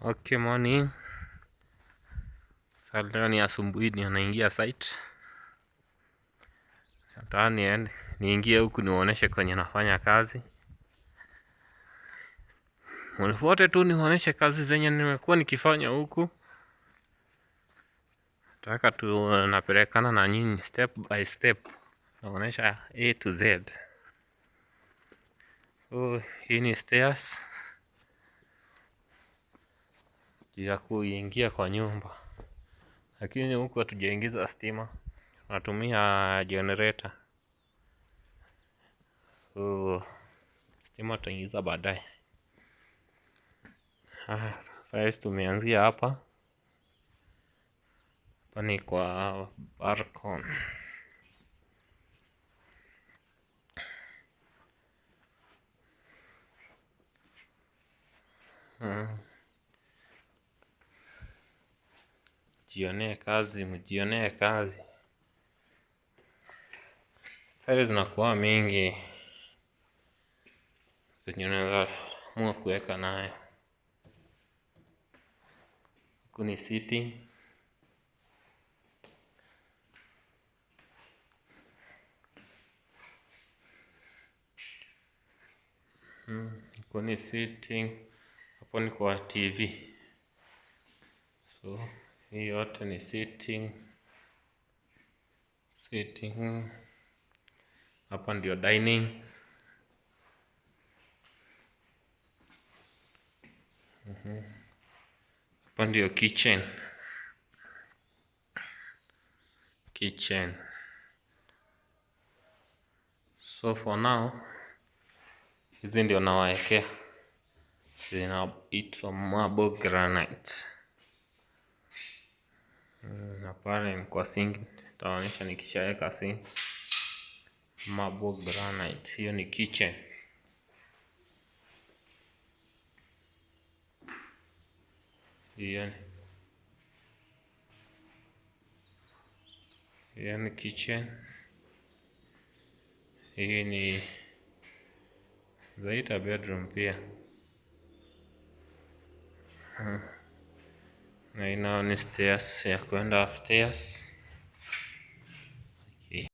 Okay, morning. Sasa leo ni asubuhi ni anaingia site. Nataka niingie huku niwaoneshe kwenye nafanya kazi. Mnifuate tu nionyeshe kazi zenye nimekuwa nikifanya huku. Nataka tu eh, napelekana na nyinyi step by step. Naonesha A to Z. Oh, hii ni stairs ya kuingia kwa nyumba, lakini huku hatujaingiza stima, tunatumia jenereta. So stima tutaingiza baadaye. Ah, Saizi tumeanzia hapa hapa, ni kwa balcony hmm. Mjionee kazi, mjionee kazi. stari zinakuwa mingi zenye unaweza kuweka nayo. Huku ni siti. Hmm, kuni ni sitting, hapo ni kwa TV so hii yote ni sitting. Sitting. Hapa ndio dining. Mhm. Hapa ndio kitchen. Kitchen. So for now hizi ndio nawaekea zina zinaitwa marble granite pale kwa sink taonyesha, nikishaweka sink Marble granite, hiyo ni kitchen. Hiyo ni kitchen, hii ni zaita bedroom pia Meu nome es Tias ja